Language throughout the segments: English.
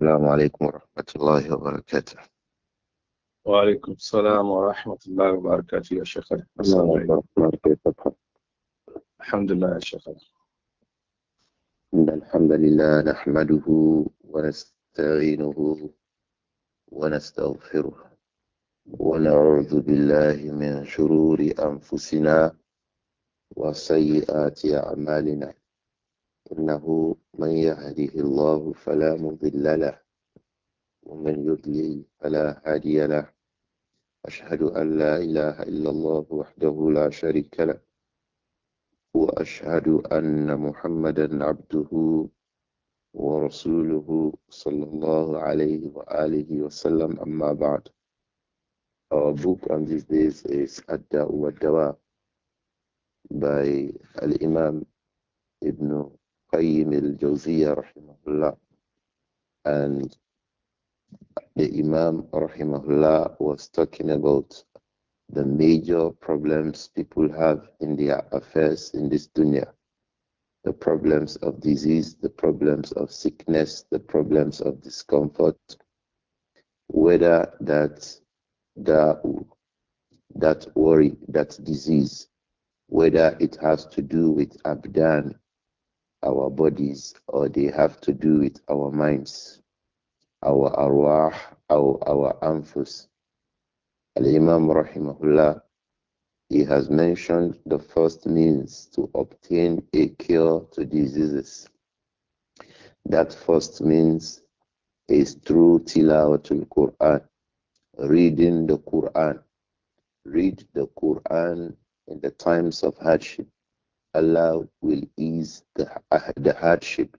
السلام عليكم ورحمة الله وبركاته وعليكم السلام ورحمة الله وبركاته يا شيخ السلام عليكم الحمد لله يا شيخ إن الحمد لله نحمده ونستعينه ونستغفره ونعوذ بالله من شرور أنفسنا وسيئات أعمالنا إنه من يهده الله فلا مضل له ومن يضلل فلا هادي له أشهد أن لا إله إلا الله وحده لا شريك له وأشهد أن محمدا عبده ورسوله صلى الله عليه وآله وسلم أما بعد Our book on these days is Adda Uwadawa by Al-Imam Ibn Qayyim al-Jawziyah rahimahullah and the Imam rahimahullah was talking about the major problems people have in their affairs in this dunya. The problems of disease, the problems of sickness, the problems of discomfort, whether that the, that worry, that disease, whether it has to do with abdan, our bodies or they have to do with our minds, our arwah, our, our anfus. Al-Imam rahimahullah, he has mentioned the first means to obtain a cure to diseases. That first means is through tilawatul Quran, reading the Quran. Read the Quran in the times of hardship Allah will ease the, the hardship.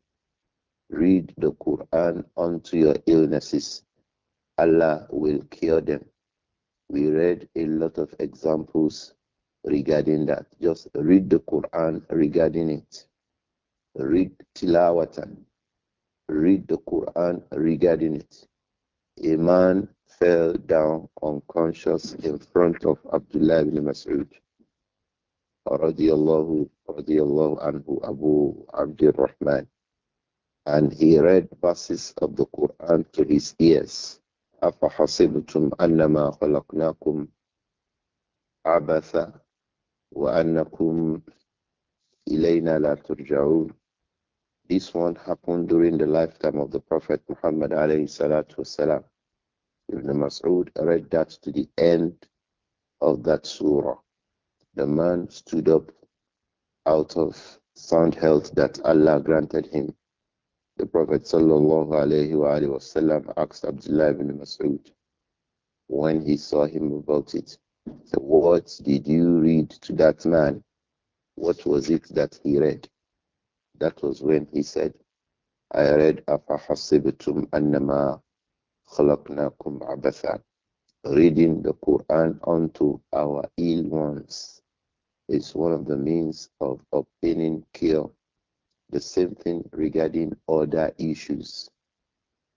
Read the Quran unto your illnesses. Allah will cure them. We read a lot of examples regarding that. Just read the Quran regarding it. Read Tilawatan. Read the Quran regarding it. A man fell down unconscious in front of Abdullah ibn Mas'ud radiallahu anhu, Abu Abdul Rahman. And he read verses of the Quran to his ears. أَفَحَصِبْتُمْ أَنَّمَا خَلَقْنَاكُمْ عَبَثًا وَأَنَّكُمْ إِلَيْنَا لَا تُرْجَعُونَ This one happened during the lifetime of the Prophet Muhammad alayhi salatu wasalam. Ibn Mas'ud read that to the end of that surah. The man stood up out of sound health that Allah granted him. The Prophet وسلم, asked Abdullah ibn Mas'ud when he saw him about it, so What did you read to that man? What was it that he read? That was when he said, I read أَفَحَصِبْتُمْ أَنَّمَا kum عَبَثًا Reading the Quran unto our ill ones is one of the means of obtaining cure. The same thing regarding other issues.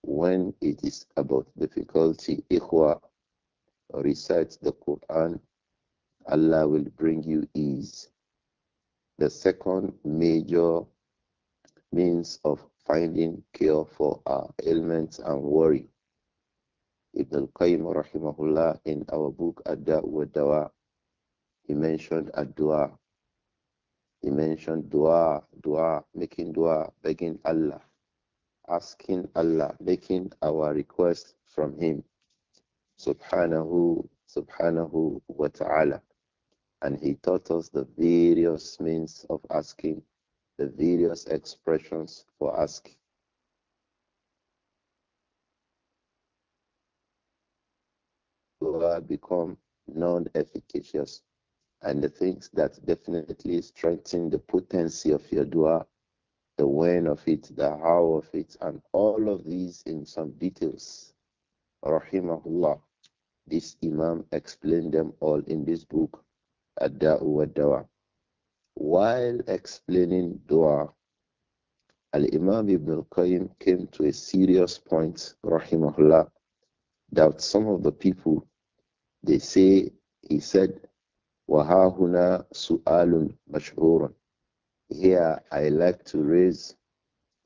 When it is about difficulty, ikhwa, recite the Quran, Allah will bring you ease. The second major means of finding cure for our ailments and worry. Ibn al-Qayyim rahimahullah in our book Ad-Da'wa he mentioned a dua. He mentioned dua, dua, making dua, begging Allah, asking Allah, making our request from Him. Subhanahu, subhanahu wa ta'ala. And He taught us the various means of asking, the various expressions for asking. Dua become non efficacious and the things that definitely strengthen the potency of your dua, the when of it, the how of it, and all of these in some details. Rahimahullah. This Imam explained them all in this book, Ad-Da'u wa Dawa. While explaining dua, Al-Imam Ibn al-Qayyim came to a serious point, Rahimahullah, that some of the people, they say, he said, وَهَاهُنَا سُؤَالٌ مَشْهُورٌ Here I like to raise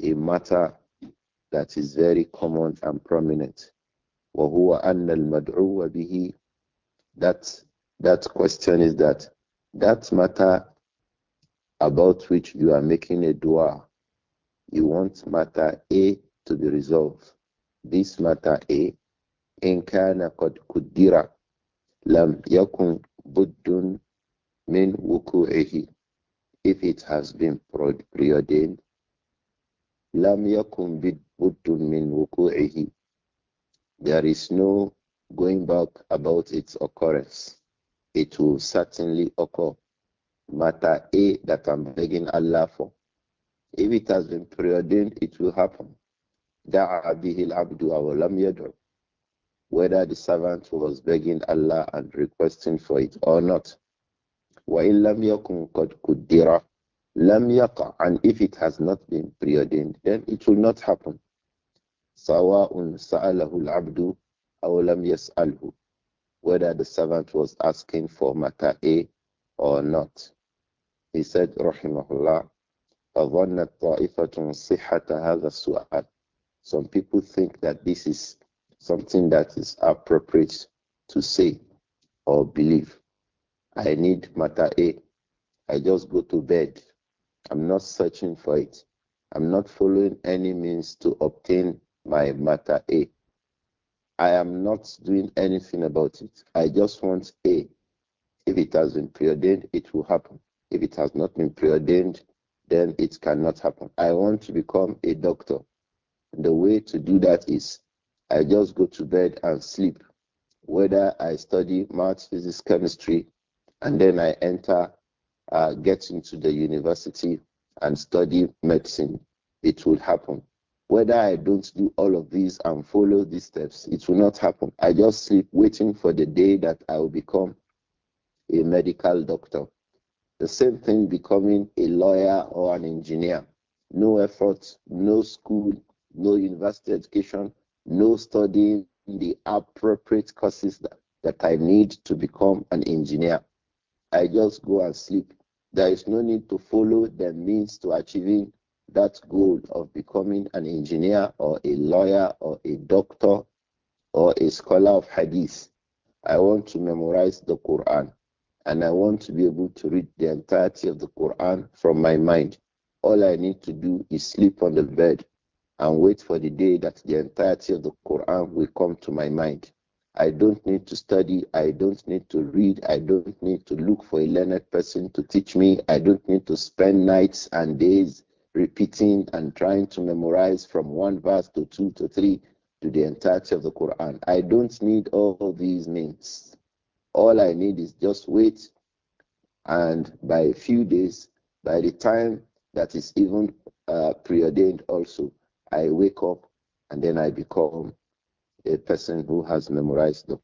a matter that is very common and prominent. وَهُوَ أَنَّ الْمَدْعُوَ بِهِ That, that question is that that matter about which you are making a dua, you want matter A to be resolved. This matter A, إن كان قد lam لم يكن buddun min wuku'ihi. If it has been preordained, lam yakun buddun min wuku'ihi. There is no going back about its occurrence. It will certainly occur. Matter A that I'm begging Allah for. If it has been preordained, it will happen. دعا به العبد أو لم يدعو whether the servant was begging Allah and requesting for it or not. وَإِن لَمْ يَكُنْ قَدْ قُدِّرَ لَمْ يَقَعْ And if it has not been preordained, then it will not happen. سَوَاءٌ سَأَلَهُ الْعَبْدُ أَوْ لَمْ يَسْأَلْهُ Whether the servant was asking for matter A or not. He said, رحمه الله, فَظَنَّتْ ifatun صِحَّةَ هَذَا السُّؤَالِ Some people think that this is something that is appropriate to say or believe. I need matter A. I just go to bed. I'm not searching for it. I'm not following any means to obtain my matter A. I am not doing anything about it. I just want A. If it has been preordained, it will happen. If it has not been preordained, then it cannot happen. I want to become a doctor. The way to do that is I just go to bed and sleep. Whether I study maths, physics, chemistry, and then I enter, uh, get into the university and study medicine, it will happen. Whether I don't do all of these and follow these steps, it will not happen. I just sleep waiting for the day that I will become a medical doctor. The same thing becoming a lawyer or an engineer. No effort, no school, no university education, no studying the appropriate courses that, that I need to become an engineer. I just go and sleep. There is no need to follow the means to achieving that goal of becoming an engineer or a lawyer or a doctor or a scholar of hadith. I want to memorize the Quran and I want to be able to read the entirety of the Quran from my mind. All I need to do is sleep on the bed and wait for the day that the entirety of the Quran will come to my mind. I don't need to study. I don't need to read. I don't need to look for a learned person to teach me. I don't need to spend nights and days repeating and trying to memorize from one verse to two to three to the entirety of the Quran. I don't need all these means. All I need is just wait. And by a few days, by the time that is even uh, preordained also, I wake up and then I become a person who has memorized the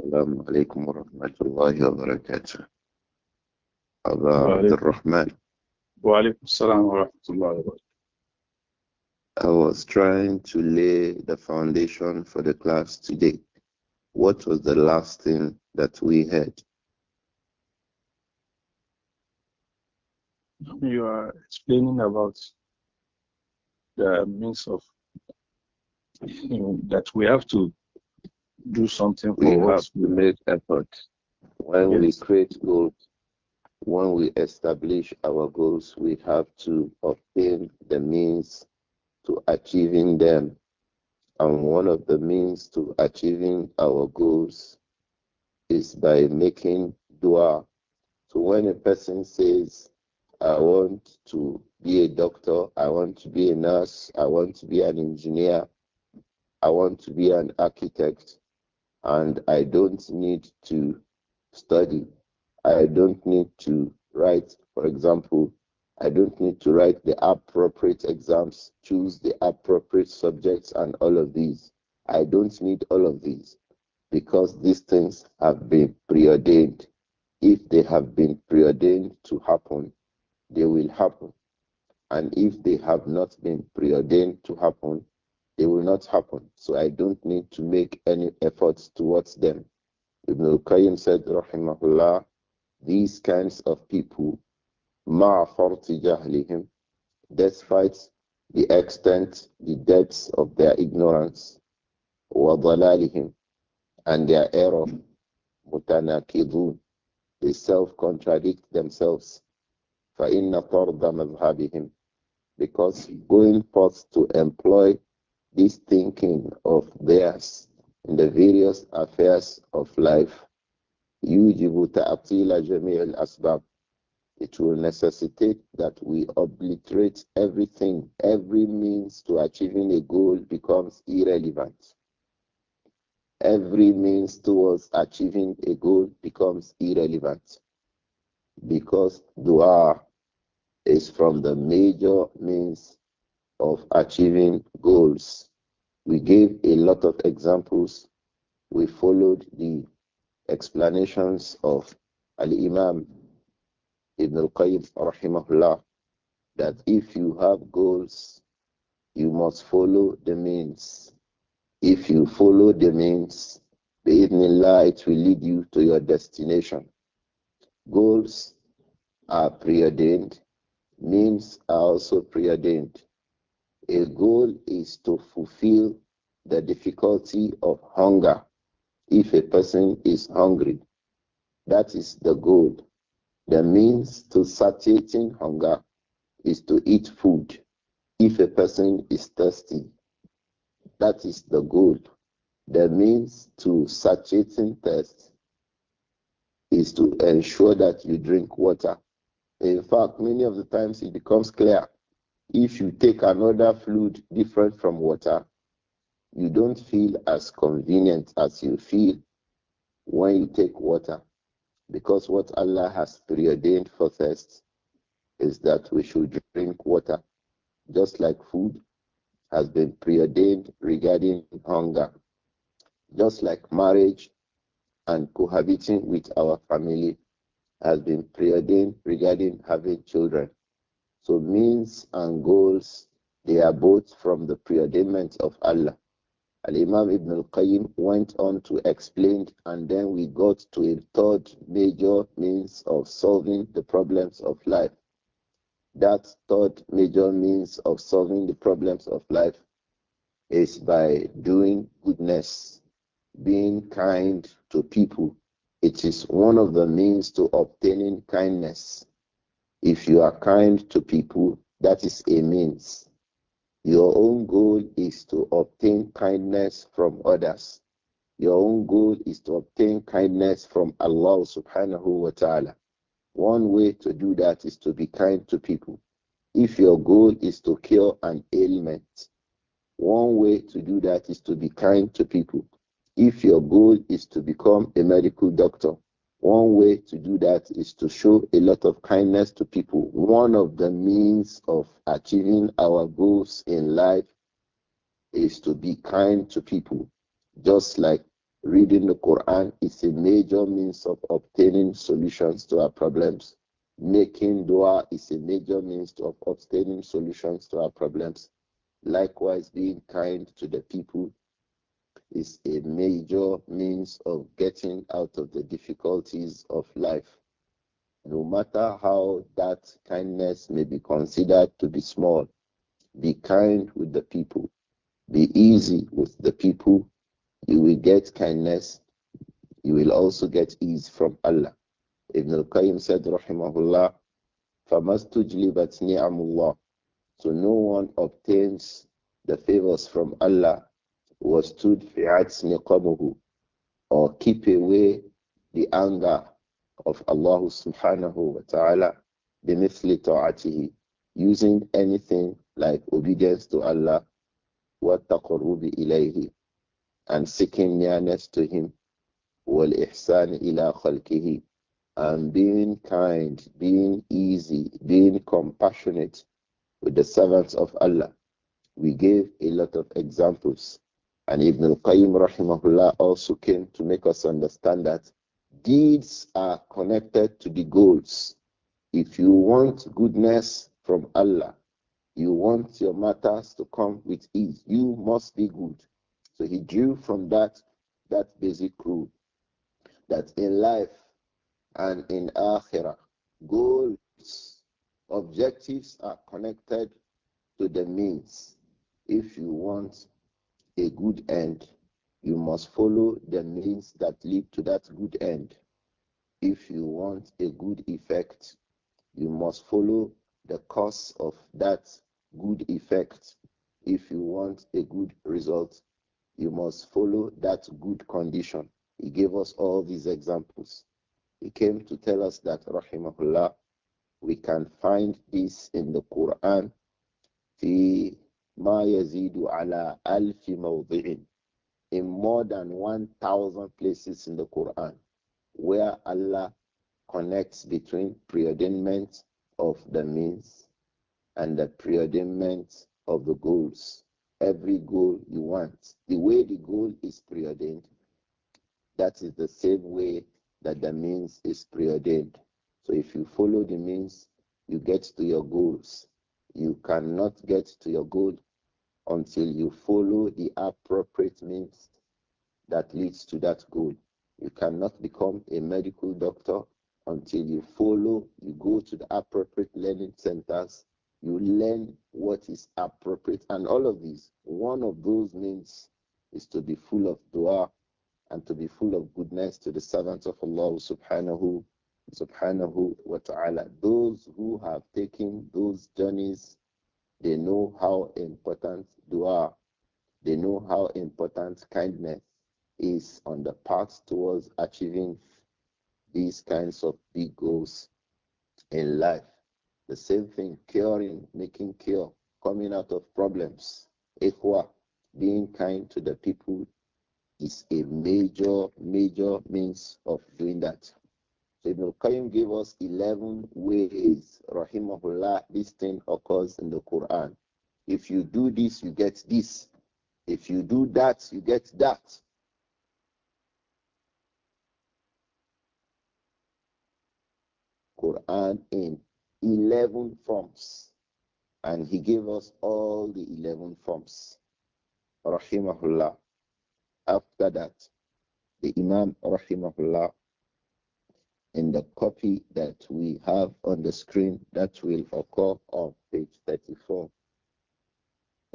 السلام عليكم ورحمة الله وبركاته أبا عبد الرحمن وعليكم السلام ورحمة الله وبركاته I was trying to lay the foundation for the class today. What was the last thing that we had? You are explaining about the means of that we have to do something for we us. We make effort. When yes. we create goals, when we establish our goals, we have to obtain the means to achieving them. And one of the means to achieving our goals is by making dua. So when a person says, I want to be a doctor, I want to be a nurse, I want to be an engineer, I want to be an architect, and I don't need to study. I don't need to write. For example, I don't need to write the appropriate exams, choose the appropriate subjects, and all of these. I don't need all of these because these things have been preordained. If they have been preordained to happen, they will happen. And if they have not been preordained to happen, it will not happen. So I don't need to make any efforts towards them. Ibn al-Qayyim said, Rahimahullah, these kinds of people, ma'afarti jahlihim, despite the extent, the depths of their ignorance, wa dhalalihim, and their error, mutanakidun, they self-contradict themselves. فَإِنَّ طَرْدَ مَذْهَبِهِمْ Because going forth to employ this thinking of theirs in the various affairs of life, It will necessitate that we obliterate everything, every means to achieving a goal becomes irrelevant. Every means towards achieving a goal becomes irrelevant because dua is from the major means of achieving goals. We gave a lot of examples. We followed the explanations of Al Imam Ibn Al Qayyim rahimahullah that if you have goals, you must follow the means. If you follow the means, Bismillah, it will lead you to your destination. Goals are preordained, means are also preordained. A goal is to fulfill the difficulty of hunger. If a person is hungry, that is the goal. The means to satiating hunger is to eat food. If a person is thirsty, that is the goal. The means to satiating thirst is to ensure that you drink water. In fact, many of the times it becomes clear if you take another fluid different from water, you don't feel as convenient as you feel when you take water. Because what Allah has preordained for thirst is that we should drink water, just like food has been preordained regarding hunger, just like marriage and cohabiting with our family has been preordained regarding having children. So means and goals, they are both from the preordainment of Allah. Al-Imam Ibn al-Qayyim went on to explain and then we got to a third major means of solving the problems of life. That third major means of solving the problems of life is by doing goodness, being kind to people. It is one of the means to obtaining kindness. If you are kind to people, that is a means. Your own goal is to obtain kindness from others. Your own goal is to obtain kindness from Allah subhanahu wa ta'ala. One way to do that is to be kind to people. If your goal is to cure an ailment, one way to do that is to be kind to people. If your goal is to become a medical doctor, one way to do that is to show a lot of kindness to people. One of the means of achieving our goals in life is to be kind to people. Just like reading the Quran is a major means of obtaining solutions to our problems. Making dua is a major means of obtaining solutions to our problems. Likewise, being kind to the people is a major means of getting out of the difficulties of life. No matter how that kindness may be considered to be small, be kind with the people, be easy with the people. You will get kindness, you will also get ease from Allah. Ibn al-Qayyim said, Rahimahullah, فَمَسْتُجْلِبَتْ نِعَمُ اللَّهِ So no one obtains the favors from Allah was tudfi'at niqamuhu, or keep away the anger of Allah subhanahu wa ta'ala bimithli ta'atihi, using anything like obedience to Allah wa taqarrubi ilayhi, and seeking nearness to Him wal ihsan ila khalqihi, and being kind, being easy, being compassionate with the servants of Allah. We gave a lot of examples and Ibn al-Qayyim rahimahullah also came to make us understand that deeds are connected to the goals. If you want goodness from Allah, you want your matters to come with ease, you must be good. So he drew from that that basic rule that in life and in akhirah, goals, objectives are connected to the means. If you want a good end, you must follow the means that lead to that good end. If you want a good effect, you must follow the cause of that good effect. If you want a good result, you must follow that good condition. He gave us all these examples. He came to tell us that, Rahimahullah, we can find this in the Quran ma yazidu ala alfi mawdi'in in more than 1000 places in the Quran where Allah connects between preordainment of the means and the preordainment of the goals every goal you want the way the goal is preordained that is the same way that the means is preordained so if you follow the means you get to your goals you cannot get to your goal until you follow the appropriate means that leads to that goal. You cannot become a medical doctor until you follow, you go to the appropriate learning centers, you learn what is appropriate. And all of these, one of those means is to be full of dua and to be full of goodness to the servants of Allah subhanahu subhanahu wa ta'ala. Those who have taken those journeys they know how important dua, they know how important kindness is on the path towards achieving these kinds of big goals in life. The same thing, curing, making cure, coming out of problems, equa, being kind to the people is a major, major means of doing that. Ibn al-Qayyim gave us 11 ways, rahimahullah, this thing occurs in the Quran. If you do this, you get this. If you do that, you get that. Quran in 11 forms. And he gave us all the 11 forms. Rahimahullah. After that, the Imam Rahimahullah in the copy that we have on the screen that will occur on page 34.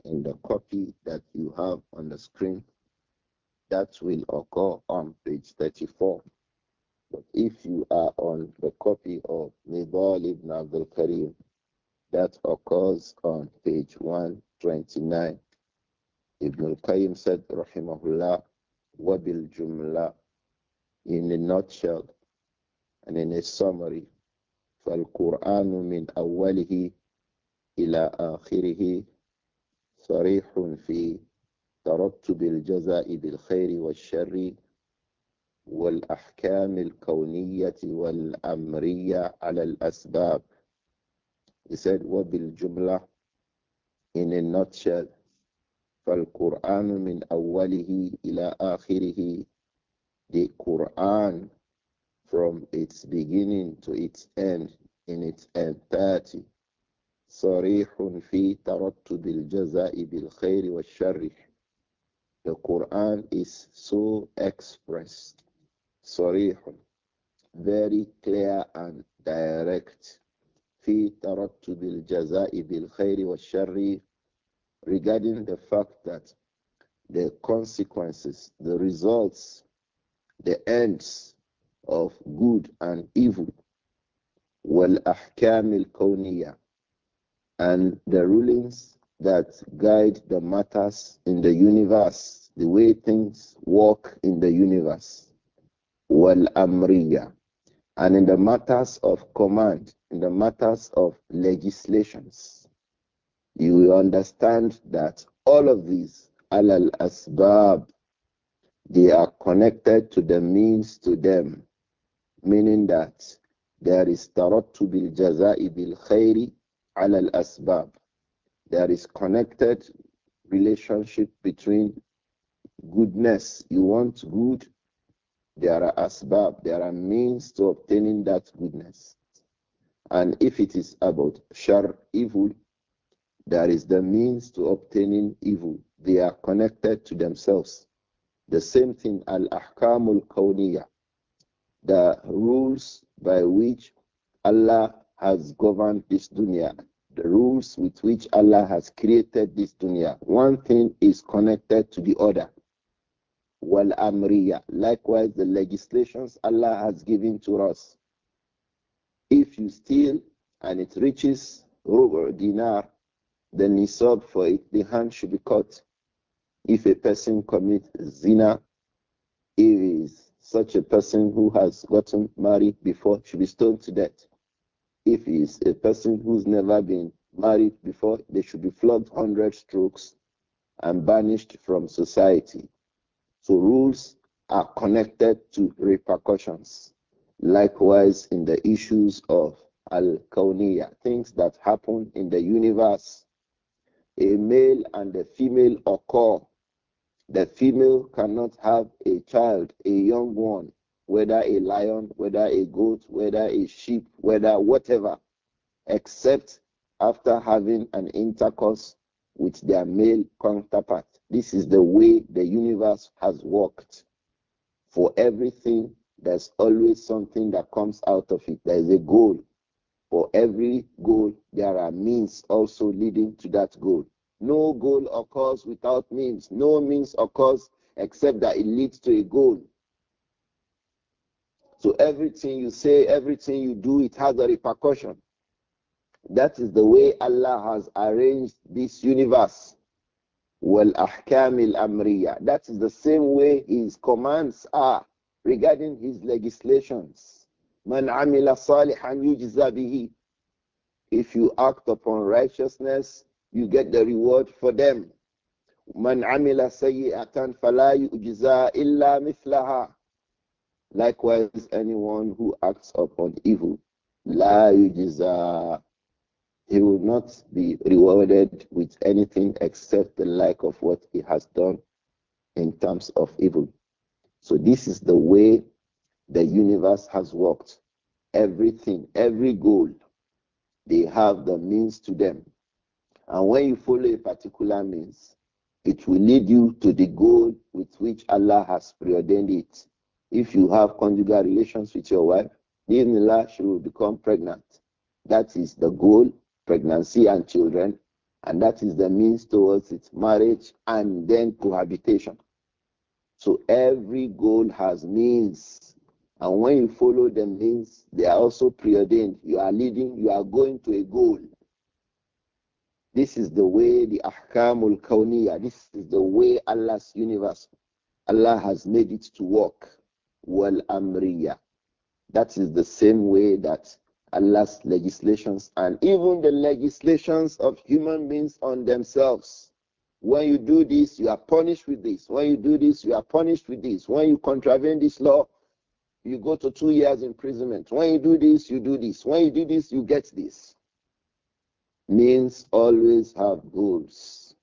In the copy that you have on the screen that will occur on page 34. But if you are on the copy of Nibal ibn Abdul Karim, that occurs on page 129. Ibn al-Qayyim said, Rahimahullah, Wabil Jumla, in a nutshell, And يعني in its summary, فالقرآن من أوله إلى آخره صريح في ترتب الجزاء بالخير والشر والأحكام الكونية والأمرية على الأسباب. He said, وبالجملة in a nutshell فالقرآن من أوله إلى آخره The Quran from its beginning to its end in its entirety. صريح The Quran is so expressed. صريح very clear and direct. في ترتب الجزاء بالخير regarding the fact that the consequences, the results, the ends of good and evil, والأحكام الكونية, and the rulings that guide the matters in the universe, the way things work in the universe, amriya, and in the matters of command, in the matters of legislations. You will understand that all of these, alal asbab, they are connected to the means to them meaning that there is tarattu bil jaza'i bil khairi ala al asbab. There is connected relationship between goodness. You want good, there are asbab, there are means to obtaining that goodness. And if it is about shar, evil, there is the means to obtaining evil. They are connected to themselves. The same thing, al ahkamul kawniyah the rules by which Allah has governed this dunya, the rules with which Allah has created this dunya. One thing is connected to the other. Wal amriya. Likewise, the legislations Allah has given to us. If you steal and it reaches rubber dinar, then the nisab for it, the hand should be cut. If a person commits zina, is such a person who has gotten married before should be stoned to death. If he is a person who's never been married before, they should be flogged 100 strokes and banished from society. So rules are connected to repercussions. Likewise, in the issues of al-kawniyah, things that happen in the universe, a male and a female occur the female cannot have a child, a young one, whether a lion, whether a goat, whether a sheep, whether whatever, except after having an intercourse with their male counterpart. This is the way the universe has worked. For everything, there's always something that comes out of it. There is a goal. For every goal, there are means also leading to that goal. No goal occurs without means. No means occurs except that it leads to a goal. So everything you say, everything you do, it has a repercussion. That is the way Allah has arranged this universe. Well, ahkamil amriya. That is the same way His commands are regarding His legislations. Man amila salihan yujza If you act upon righteousness, you get the reward for them. Man amila sayyi'atan fala illa mithlaha. Likewise, anyone who acts upon evil, la yujiza, he will not be rewarded with anything except the like of what he has done in terms of evil. So this is the way the universe has worked. Everything, every goal, they have the means to them. And when you follow a particular means, it will lead you to the goal with which Allah has preordained it. If you have conjugal relations with your wife, Allah she will become pregnant. That is the goal, pregnancy and children, and that is the means towards it, marriage and then cohabitation. So every goal has means, and when you follow the means, they are also preordained. You are leading, you are going to a goal. This is the way the ahkamul kawniyah. This is the way Allah's universe. Allah has made it to work. Wal amriyah. That is the same way that Allah's legislations and even the legislations of human beings on themselves. When you do this, you are punished with this. When you do this, you are punished with this. When you contravene this law, you go to two years imprisonment. When you do this, you do this. When you do this, you get this. Means always have goals.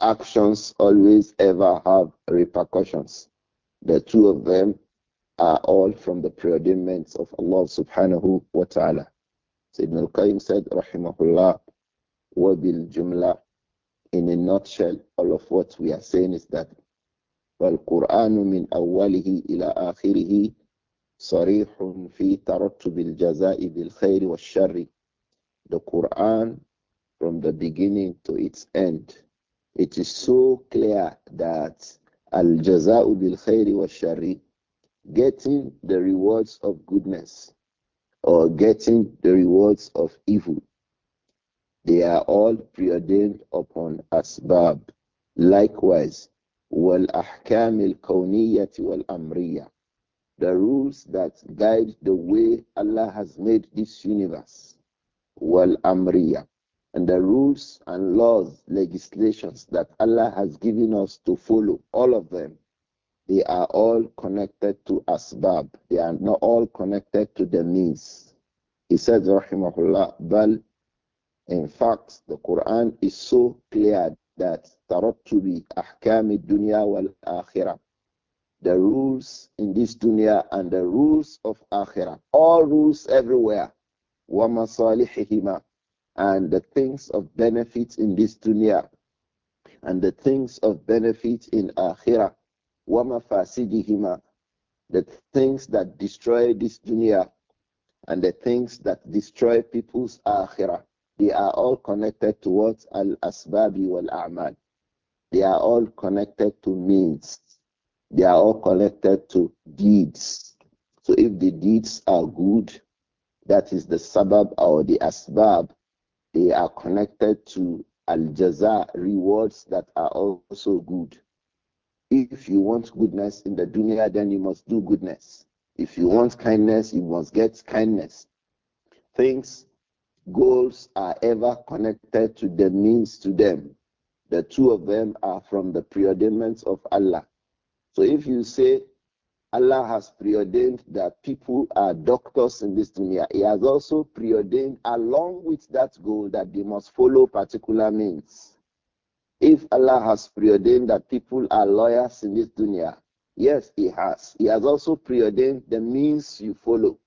Actions always ever have repercussions. The two of them are all from the preordainments of Allah subhanahu wa ta'ala. Sayyidina al-Qayyim said, rahimahullah, wa jumla. In a nutshell, all of what we are saying is that والقرآن من أوله إلى آخره صريح في ترتب الجزاء بالخير والشر. The Quran from the beginning to its end. It is so clear that al jaza'u bil khairi wa shari, getting the rewards of goodness or getting the rewards of evil, they are all preordained upon asbab. Likewise, wal ahkam al kawniyati wal amriya the rules that guide the way Allah has made this universe. Wal Amriya and the rules and laws, legislations that Allah has given us to follow, all of them, they are all connected to asbab. They are not all connected to the means. He says, Rahimahullah, But in fact, the Quran is so clear that Tarattubi Ahkami Dunya wal Akhirah. The rules in this dunya and the rules of Akhirah. All rules everywhere. وَمَصَالِحِهِمَا and the things of benefits in this dunya and the things of benefits in akhirah wa mafasidihima the things that destroy this dunya and the things that destroy people's akhirah they are all connected towards al asbabi wal a'mal they are all connected to means they are all connected to deeds so if the deeds are good that is the sabab or the asbab they are connected to al jaza rewards that are also good. If you want goodness in the dunya, then you must do goodness. If you want kindness, you must get kindness. Things, goals are ever connected to the means to them. The two of them are from the preordainments of Allah. So if you say Allah has preordained that people are doctors in this dunya. He has also preordained, along with that goal, that they must follow particular means. If Allah has preordained that people are lawyers in this dunya, yes, He has. He has also preordained the means you follow.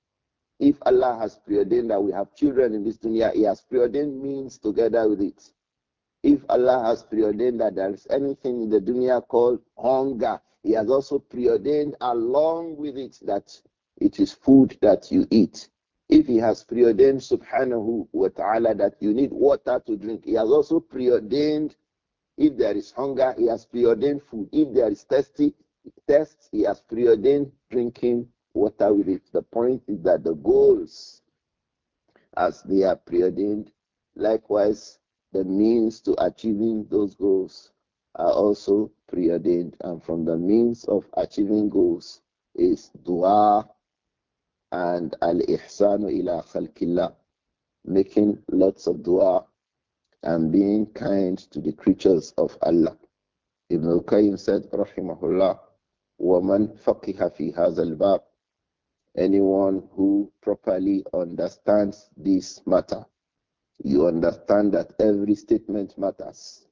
If Allah has preordained that we have children in this dunya, He has preordained means together with it. If Allah has preordained that there is anything in the dunya called hunger, he has also preordained along with it that it is food that you eat. If He has preordained, subhanahu wa ta'ala, that you need water to drink, He has also preordained if there is hunger, He has preordained food. If there is thirsty, thirst, He has preordained drinking water with it. The point is that the goals, as they are preordained, likewise the means to achieving those goals are also preordained. And from the means of achieving goals is dua and al ihsanu ila khalqillah, making lots of dua and being kind to the creatures of Allah. Ibn al-Qayyim said, rahimahullah, woman, فَقِهَ fi هَذَا Anyone who properly understands this matter, you understand that every statement matters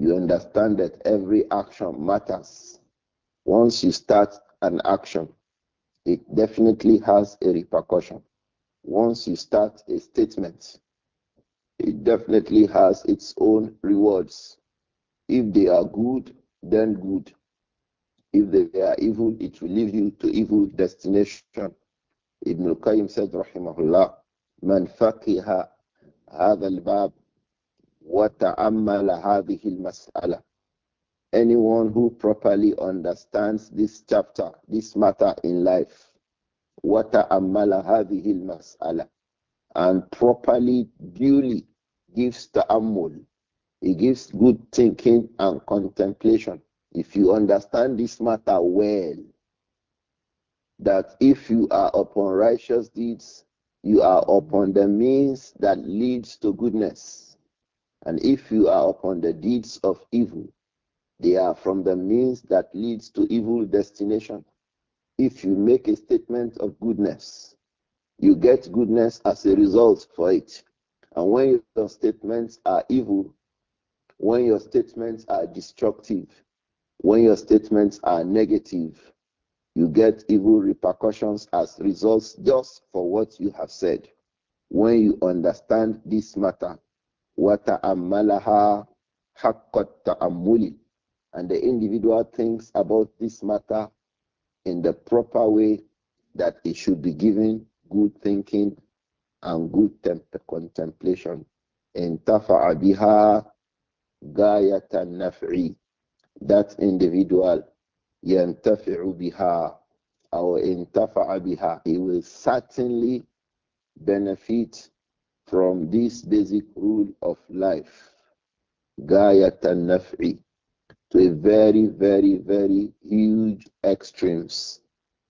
you understand that every action matters. Once you start an action, it definitely has a repercussion. Once you start a statement, it definitely has its own rewards. If they are good, then good. If they are evil, it will lead you to evil destination. Ibn al-Qayyim said, رحمه الله, من هذا الباب وَتَأَمَّلَ هَذِهِ الْمَسْأَلَةِ Anyone who properly understands this chapter, this matter in life, وَتَأَمَّلَ هَذِهِ الْمَسْأَلَةِ And properly, duly gives ta'ammul. He gives good thinking and contemplation. If you understand this matter well, that if you are upon righteous deeds, you are upon the means that leads to goodness and if you are upon the deeds of evil, they are from the means that leads to evil destination. If you make a statement of goodness, you get goodness as a result for it. And when your statements are evil, when your statements are destructive, when your statements are negative, you get evil repercussions as results just for what you have said. When you understand this matter, وَتَأَمَّلَهَا حَقَّ التَّأَمُّلِ And the individual thinks about this matter in the proper way that it should be given good thinking and good contemplation. انتفع بها غاية النفع that individual ينتفع بها أو انتفع بها he will certainly benefit from this basic rule of life, gayatan naf'i, to a very, very, very huge extremes,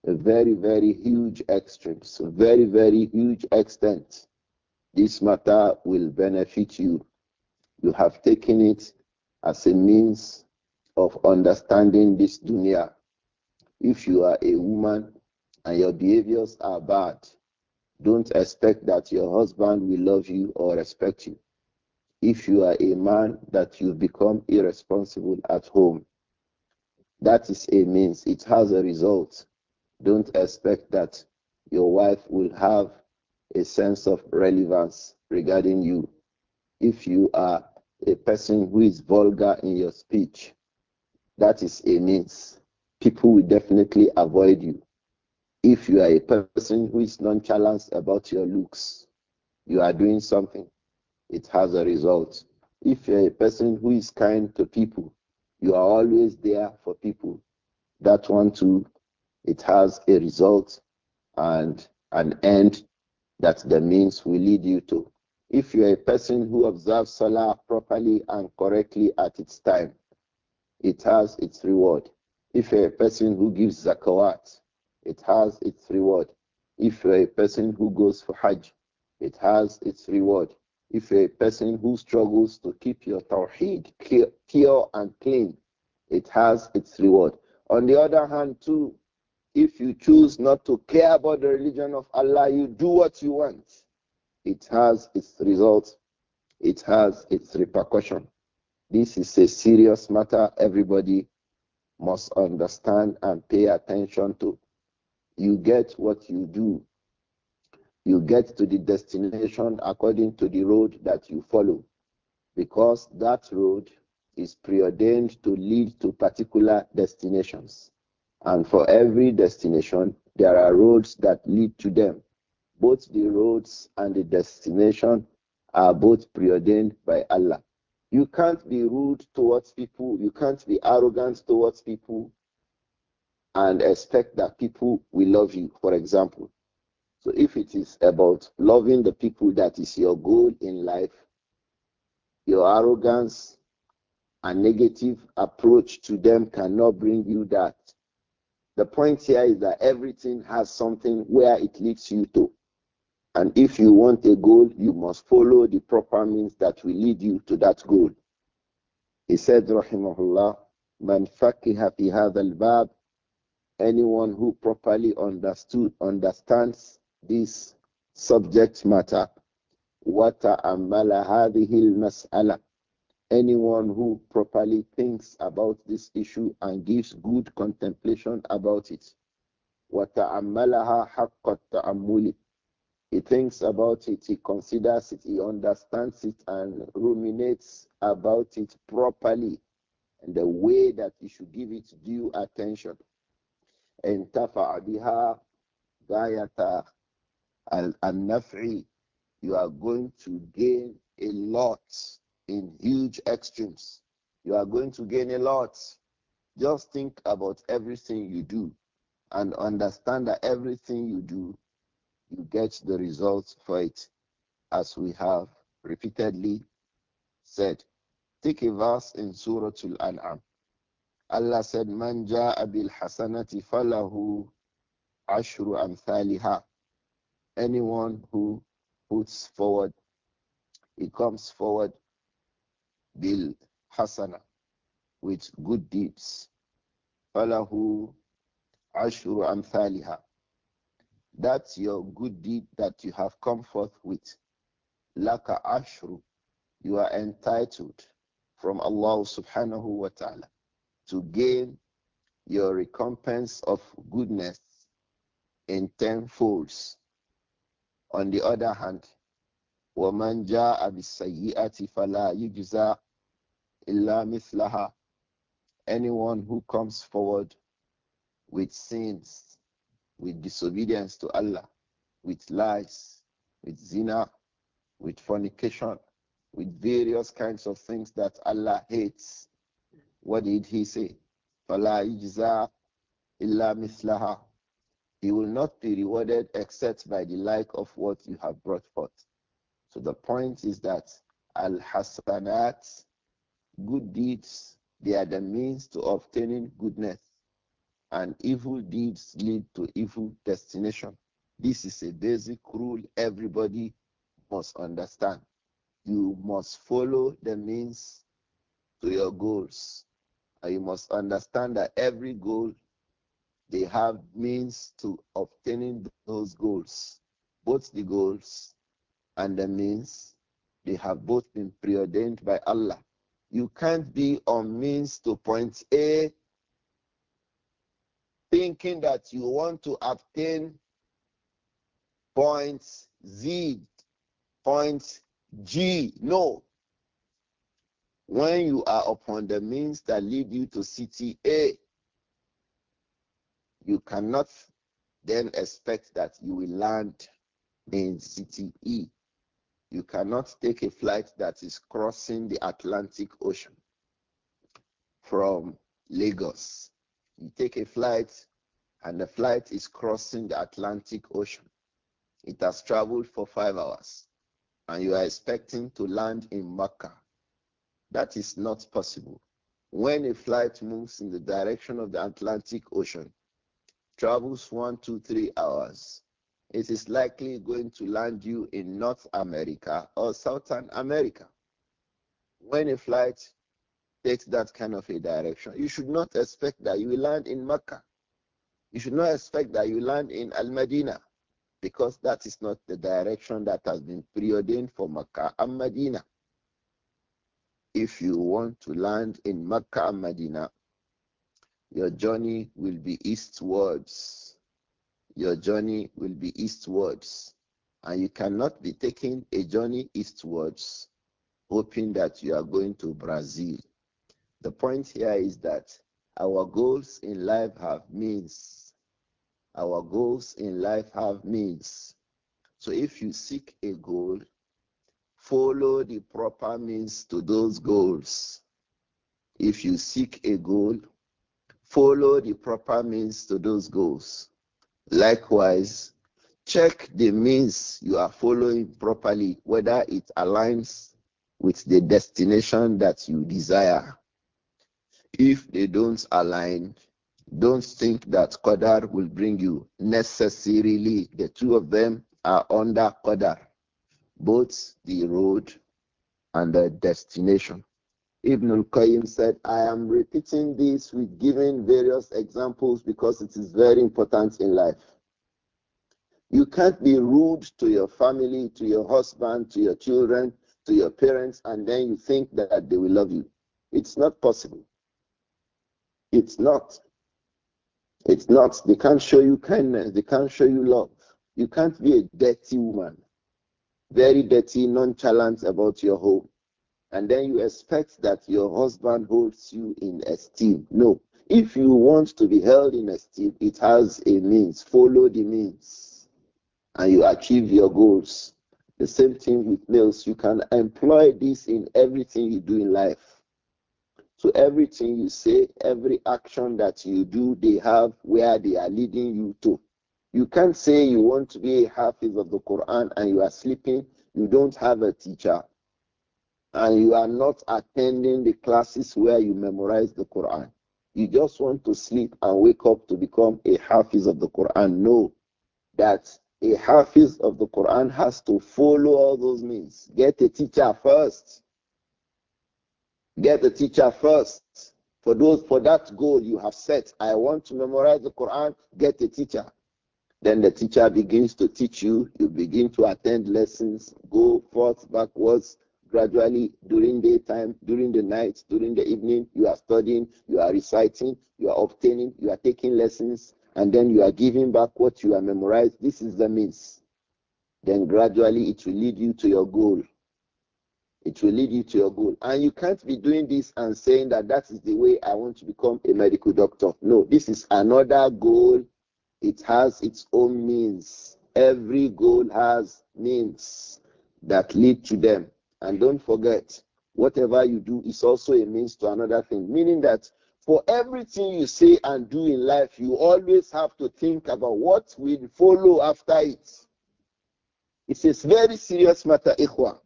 a very, very huge extremes, a very, very huge extent. This matter will benefit you. You have taken it as a means of understanding this dunya. If you are a woman and your behaviors are bad, don't expect that your husband will love you or respect you. If you are a man that you become irresponsible at home, that is a means. It has a result. Don't expect that your wife will have a sense of relevance regarding you. If you are a person who is vulgar in your speech, that is a means. People will definitely avoid you. If you are a person who is nonchalant about your looks, you are doing something, it has a result. If you're a person who is kind to people, you are always there for people, that one too, it has a result and an end that the means will lead you to. If you are a person who observes Salah properly and correctly at its time, it has its reward. If you're a person who gives zakawat, it has its reward. If you're a person who goes for Hajj, it has its reward. If you're a person who struggles to keep your tawheed pure and clean, it has its reward. On the other hand, too, if you choose not to care about the religion of Allah, you do what you want. It has its results. It has its repercussion. This is a serious matter everybody must understand and pay attention to. You get what you do. You get to the destination according to the road that you follow, because that road is preordained to lead to particular destinations. And for every destination, there are roads that lead to them. Both the roads and the destination are both preordained by Allah. You can't be rude towards people. You can't be arrogant towards people and expect that people will love you, for example. So if it is about loving the people that is your goal in life, your arrogance and negative approach to them cannot bring you that. The point here is that everything has something where it leads you to. And if you want a goal, you must follow the proper means that will lead you to that goal. He said, Rahimahullah, Man faqiha fi hadha al-bab anyone who properly understood understands this subject matter وتأمل هذه المسألة anyone who properly thinks about this issue and gives good contemplation about it وتأملها حق التأمل he thinks about it, he considers it, he understands it, and ruminates about it properly and the way that he should give it due attention. انتفع بها غاية النفع you are going to gain a lot in huge extremes you are going to gain a lot just think about everything you do and understand that everything you do you get the results for it as we have repeatedly said take a verse in surah al-an'am Allah said, Man ja'a bil hasanati falahu ashru amthaliha. Anyone who puts forward, he comes forward bil hasana with good deeds. Falahu ashru amthaliha. That's your good deed that you have come forth with. Laka ashru. You are entitled from Allah subhanahu wa ta'ala to gain your recompense of goodness in tenfolds. On the other hand, وَمَنْ جَاءَ بِالسَّيِّئَةِ فَلَا يُجْزَى إِلَّا Anyone who comes forward with sins, with disobedience to Allah, with lies, with zina, with fornication, with various kinds of things that Allah hates, what did he say? فَلَا يُجْزَى إِلَّا مِثْلَهَا He will not be rewarded except by the like of what you have brought forth. So the point is that al-hasanat, good deeds, they are the means to obtaining goodness, and evil deeds lead to evil destination. This is a basic rule everybody must understand. You must follow the means to your goals you must understand that every goal they have means to obtaining those goals. Both the goals and the means, they have both been preordained by Allah. You can't be on means to point A thinking that you want to obtain point Z, point G. No, when you are upon the means that lead you to city A, you cannot then expect that you will land in city E. You cannot take a flight that is crossing the Atlantic Ocean from Lagos. You take a flight and the flight is crossing the Atlantic Ocean. It has traveled for five hours and you are expecting to land in Makkah that is not possible. When a flight moves in the direction of the Atlantic Ocean, travels one, two, three hours, it is likely going to land you in North America or Southern America. When a flight takes that kind of a direction, you should not expect that you will land in Mecca. You should not expect that you land in Al Medina because that is not the direction that has been preordained for Mecca and Medina. If you want to land in Mecca and Medina, your journey will be eastwards. Your journey will be eastwards. And you cannot be taking a journey eastwards hoping that you are going to Brazil. The point here is that our goals in life have means. Our goals in life have means. So if you seek a goal, follow the proper means to those goals. If you seek a goal, follow the proper means to those goals. Likewise, check the means you are following properly, whether it aligns with the destination that you desire. If they don't align, don't think that Qadar will bring you. Necessarily, the two of them are under Qadar both the road and the destination. Ibn al-Qayyim said, I am repeating this with giving various examples because it is very important in life. You can't be rude to your family, to your husband, to your children, to your parents, and then you think that they will love you. It's not possible. It's not. It's not. They can't show you kindness. They can't show you love. You can't be a dirty woman very dirty, nonchalant about your home, and then you expect that your husband holds you in esteem. No. If you want to be held in esteem, it has a means. Follow the means, and you achieve your goals. The same thing with males. You can employ this in everything you do in life. So everything you say, every action that you do, they have where they are leading you to. You can't say you want to be a hafiz of the Quran and you are sleeping, you don't have a teacher, and you are not attending the classes where you memorize the Quran. You just want to sleep and wake up to become a hafiz of the Quran. No, that a hafiz of the Quran has to follow all those means. Get a teacher first. Get a teacher first. For those for that goal you have set, I want to memorize the Quran, get a teacher. Then the teacher begins to teach you. You begin to attend lessons, go forth, backwards, gradually during daytime, during the night, during the evening. You are studying, you are reciting, you are obtaining, you are taking lessons, and then you are giving back what you have memorized. This is the means. Then gradually it will lead you to your goal. It will lead you to your goal. And you can't be doing this and saying that that is the way I want to become a medical doctor. No, this is another goal it has its own means. Every goal has means that lead to them. And don't forget, whatever you do is also a means to another thing, meaning that for everything you say and do in life, you always have to think about what will follow after it. It's a very serious matter, Ikhwan.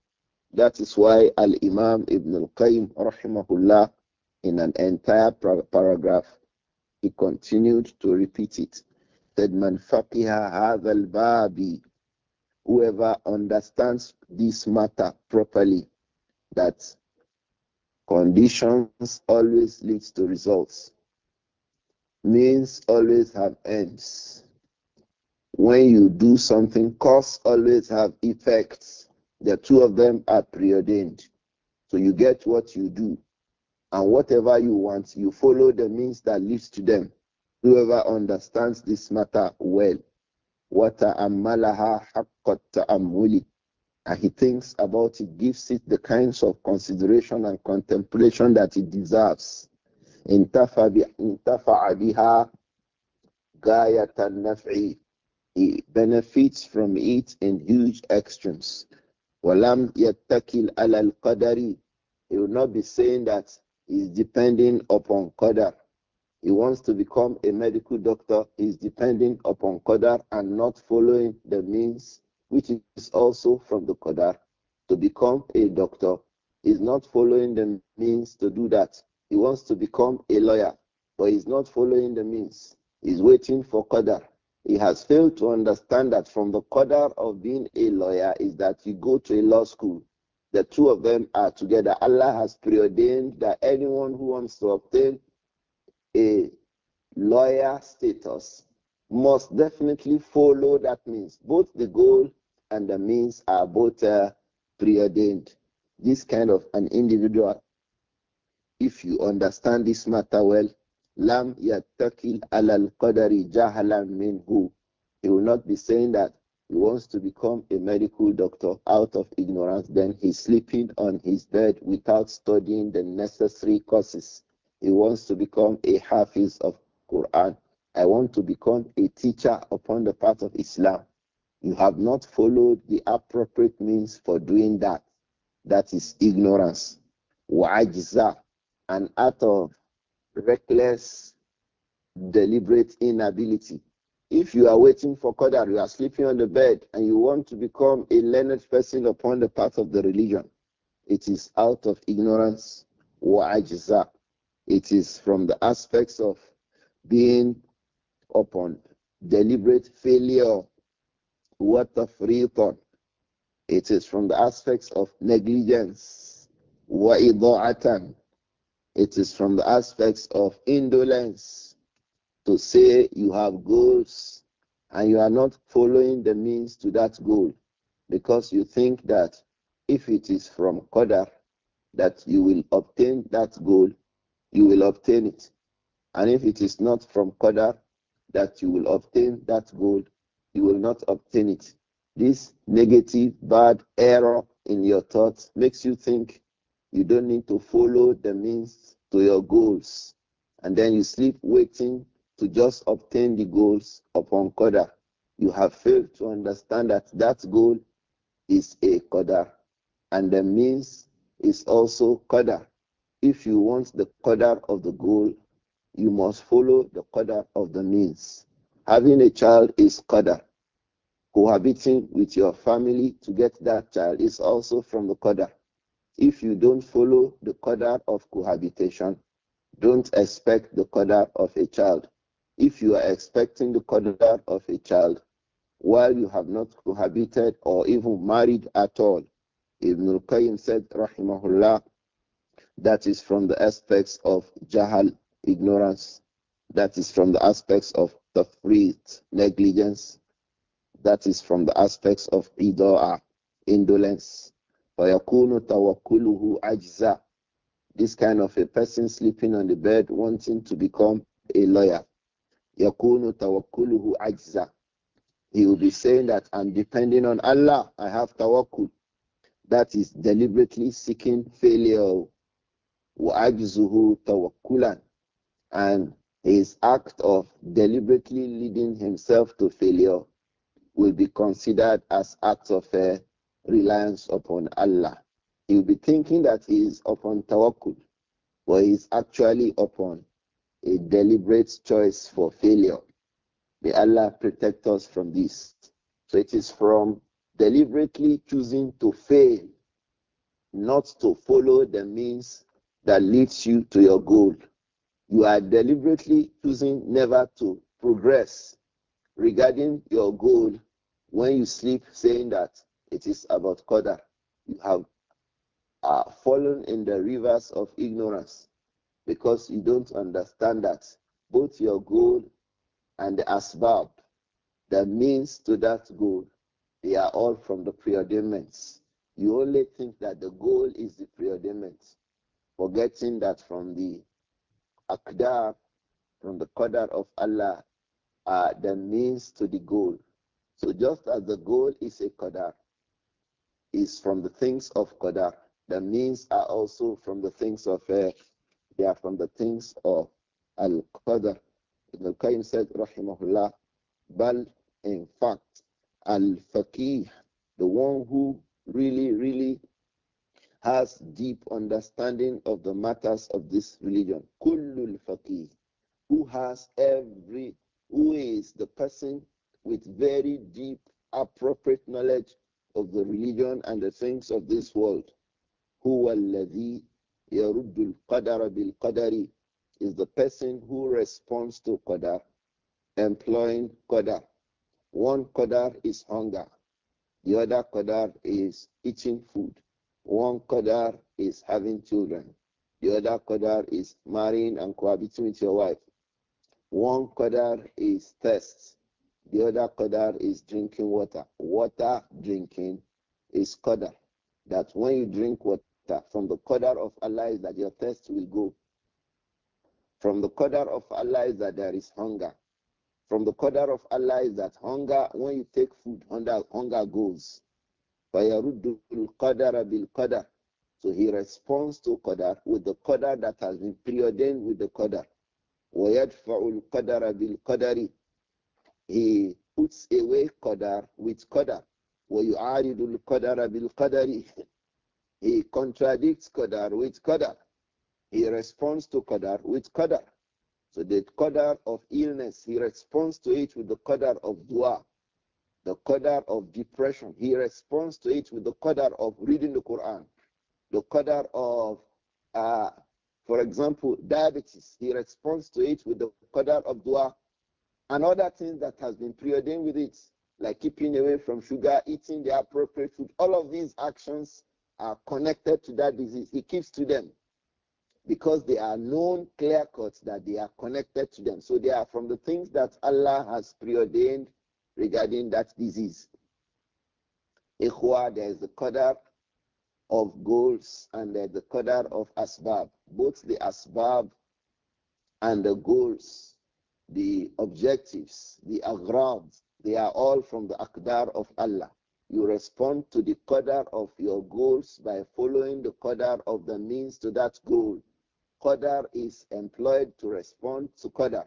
That is why Al Imam Ibn Al Qayyim, rahimahullah, in an entire paragraph, he continued to repeat it. That man faqiha hadha babi whoever understands this matter properly that conditions always leads to results means always have ends when you do something cause always have effects the two of them are preordained so you get what you do and whatever you want you follow the means that leads to them Whoever understands this matter well, وَتَأَمَّلَهَا حَقَّ التَّأَمُّلِ and he thinks about it, gives it the kinds of consideration and contemplation that it deserves. biha nafi. He benefits from it in huge extremes. Walam yattakil al qadari. He will not be saying that he's depending upon qadar he wants to become a medical doctor, is depending upon Qadar and not following the means, which is also from the Qadar. To become a doctor, is not following the means to do that. He wants to become a lawyer, but he's not following the means. He's waiting for Qadar. He has failed to understand that from the Qadar of being a lawyer is that you go to a law school. The two of them are together. Allah has preordained that anyone who wants to obtain a lawyer status must definitely follow that means. Both the goal and the means are both uh, preordained. This kind of an individual, if you understand this matter well, lam yattakil alal qadari jahalan minhu. He will not be saying that he wants to become a medical doctor out of ignorance. Then he's sleeping on his bed without studying the necessary courses. He wants to become a hafiz of Quran. I want to become a teacher upon the path of Islam. You have not followed the appropriate means for doing that. That is ignorance. Wa'ajza, an act of reckless, deliberate inability. If you are waiting for Qadar, you are sleeping on the bed, and you want to become a learned person upon the path of the religion, it is out of ignorance. Wa'ajza, it is from the aspects of being upon deliberate failure. What of thought. It is from the aspects of negligence. Wa'idha'atan. It is from the aspects of indolence to say you have goals and you are not following the means to that goal because you think that if it is from Qadar that you will obtain that goal, you will obtain it. And if it is not from Qadar that you will obtain that gold, you will not obtain it. This negative, bad error in your thoughts makes you think you don't need to follow the means to your goals. And then you sleep waiting to just obtain the goals upon Qadar. You have failed to understand that that goal is a Qadar and the means is also Qadar. If you want the qadar of the goal, you must follow the qadar of the means. Having a child is qadar. Cohabiting with your family to get that child is also from the qadar. If you don't follow the qadar of cohabitation, don't expect the qadar of a child. If you are expecting the qadar of a child while you have not cohabited or even married at all, Ibn al-Qayyim said, rahimahullah, that is from the aspects of jahal, ignorance. That is from the aspects of tafrit, negligence. That is from the aspects of idoa, indolence. فَيَكُونُ تَوَكُّلُهُ ajza. This kind of a person sleeping on the bed wanting to become a lawyer. يَكُونُ تَوَكُّلُهُ ajza. He will be saying that I'm depending on Allah. I have tawakkul. That is deliberately seeking failure. وَعَجْزُهُ تَوَكُّلًا And his act of deliberately leading himself to failure will be considered as acts of uh, reliance upon Allah. He will be thinking that he is upon tawakkul, but he is actually upon a deliberate choice for failure. May Allah protect us from this. So it is from deliberately choosing to fail, not to follow the means that leads you to your goal. You are deliberately choosing never to progress regarding your goal when you sleep, saying that it is about Qadar. You have uh, fallen in the rivers of ignorance because you don't understand that both your goal and the asbab, the means to that goal, they are all from the preordainments. You only think that the goal is the preordainment forgetting that from the akda, from the qadar of Allah, are uh, the means to the goal. So just as the goal is a qadar, is from the things of qadar, the means are also from the things of, uh, they are from the things of al-qadar. Ibn qayyim said, rahimahullah, bal, in fact, al-faqih, the one who really, really has deep understanding of the matters of this religion. Kullul faqih, who has every, who is the person with very deep, appropriate knowledge of the religion and the things of this world. Huwa alladhi yaruddul qadara bil qadari is the person who responds to qadar, employing qadar. One qadar is hunger, the other qadar is eating food. One qadar is having children. The other qadar is marrying and cohabiting with your wife. One qadar is thirst. The other qadar is drinking water. Water drinking is qadar. That when you drink water from the qadar of Allah is that your thirst will go. From the qadar of Allah is that there is hunger. From the qadar of Allah is that hunger, when you take food, hunger, hunger goes. So he responds to qadar with the qadar that has been preordained with the qadar. He puts away qadar with qadar. He contradicts qadar with qadar. He responds to qadar with qadar. So the qadar of illness, he responds to it with the qadar of dua the qadar of depression. He responds to it with the qadar of reading the Quran, the qadar of, uh, for example, diabetes. He responds to it with the qadar of dua and other things that has been preordained with it, like keeping away from sugar, eating the appropriate food. All of these actions are connected to that disease. He keeps to them because they are known clear cuts that they are connected to them. So they are from the things that Allah has preordained regarding that disease. Ikhwa, there is the qadar of goals and there is the qadar of asbab. Both the asbab and the goals, the objectives, the agrab, they are all from the akdar of Allah. You respond to the qadar of your goals by following the qadar of the means to that goal. Qadar is employed to respond to qadar.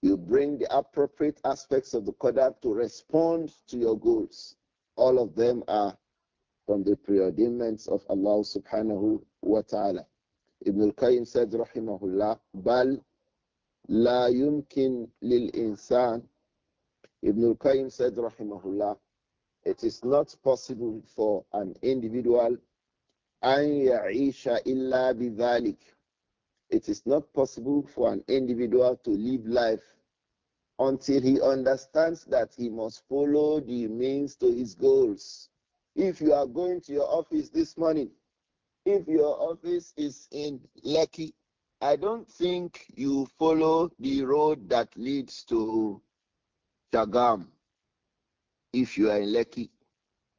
You bring the appropriate aspects of the Quran to respond to your goals. All of them are from the preordainments of Allah subhanahu wa ta'ala. Ibn al-Qayyim said, rahimahullah, bal la yumkin lil insan. Ibn al-Qayyim said, rahimahullah, it is not possible for an individual an ya'isha illa bidhalik it is not possible for an individual to live life until he understands that he must follow the means to his goals. If you are going to your office this morning, if your office is in Lekki, I don't think you follow the road that leads to Chagam. If you are in Lekki,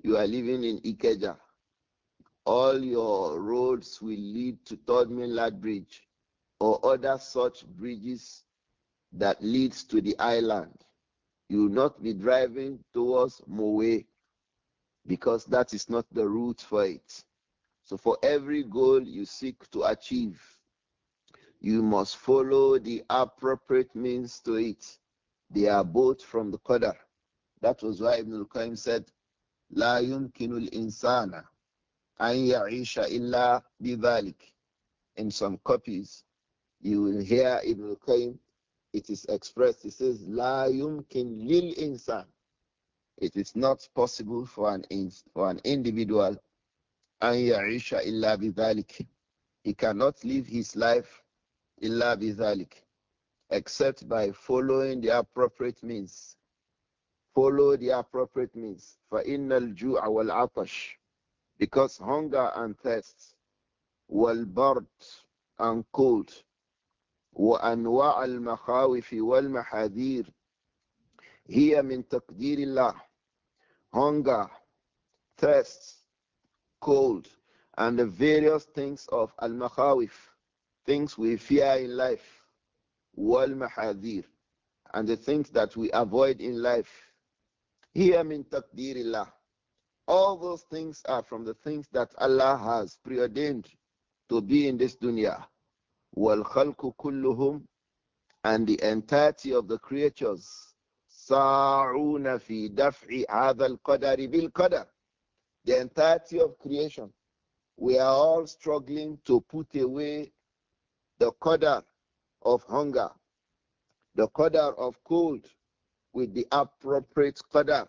you are living in Ikeja. All your roads will lead to Third Mainland Bridge or other such bridges that leads to the island. You will not be driving towards Moe because that is not the route for it. So for every goal you seek to achieve, you must follow the appropriate means to it. They are both from the Qadar. That was why Ibn al-Qayyim said, لا يمكن الإنسان أن يعيش إلا بذلك. In some copies, you will hear Ibn Qayyim, it is expressed, it says, La yumkin lil insan. It is not possible for an, for an individual an ya'isha illa bidhalik. He cannot live his life illa bidhalik, except by following the appropriate means. Follow the appropriate means. فَإِنَّ الْجُوعَ وَالْعَطَشِ Because hunger and thirst, wal-bard and cold, وأنواع المخاوف والمحاذير هي من تقدير الله hunger thirst cold and the various things of al-makhawif things we fear in life wal-mahadir and the things that we avoid in life here min taqdirillah all those things are from the things that Allah has preordained to be in this dunya وَالْخَلْقُ كُلُّهُمْ And the entirety of the creatures سَاعُونَ فِي دَفْعِ هَذَا الْقَدَرِ بِالْقَدَرِ The entirety of creation. We are all struggling to put away the qadar of hunger, the qadar of cold, with the appropriate qadar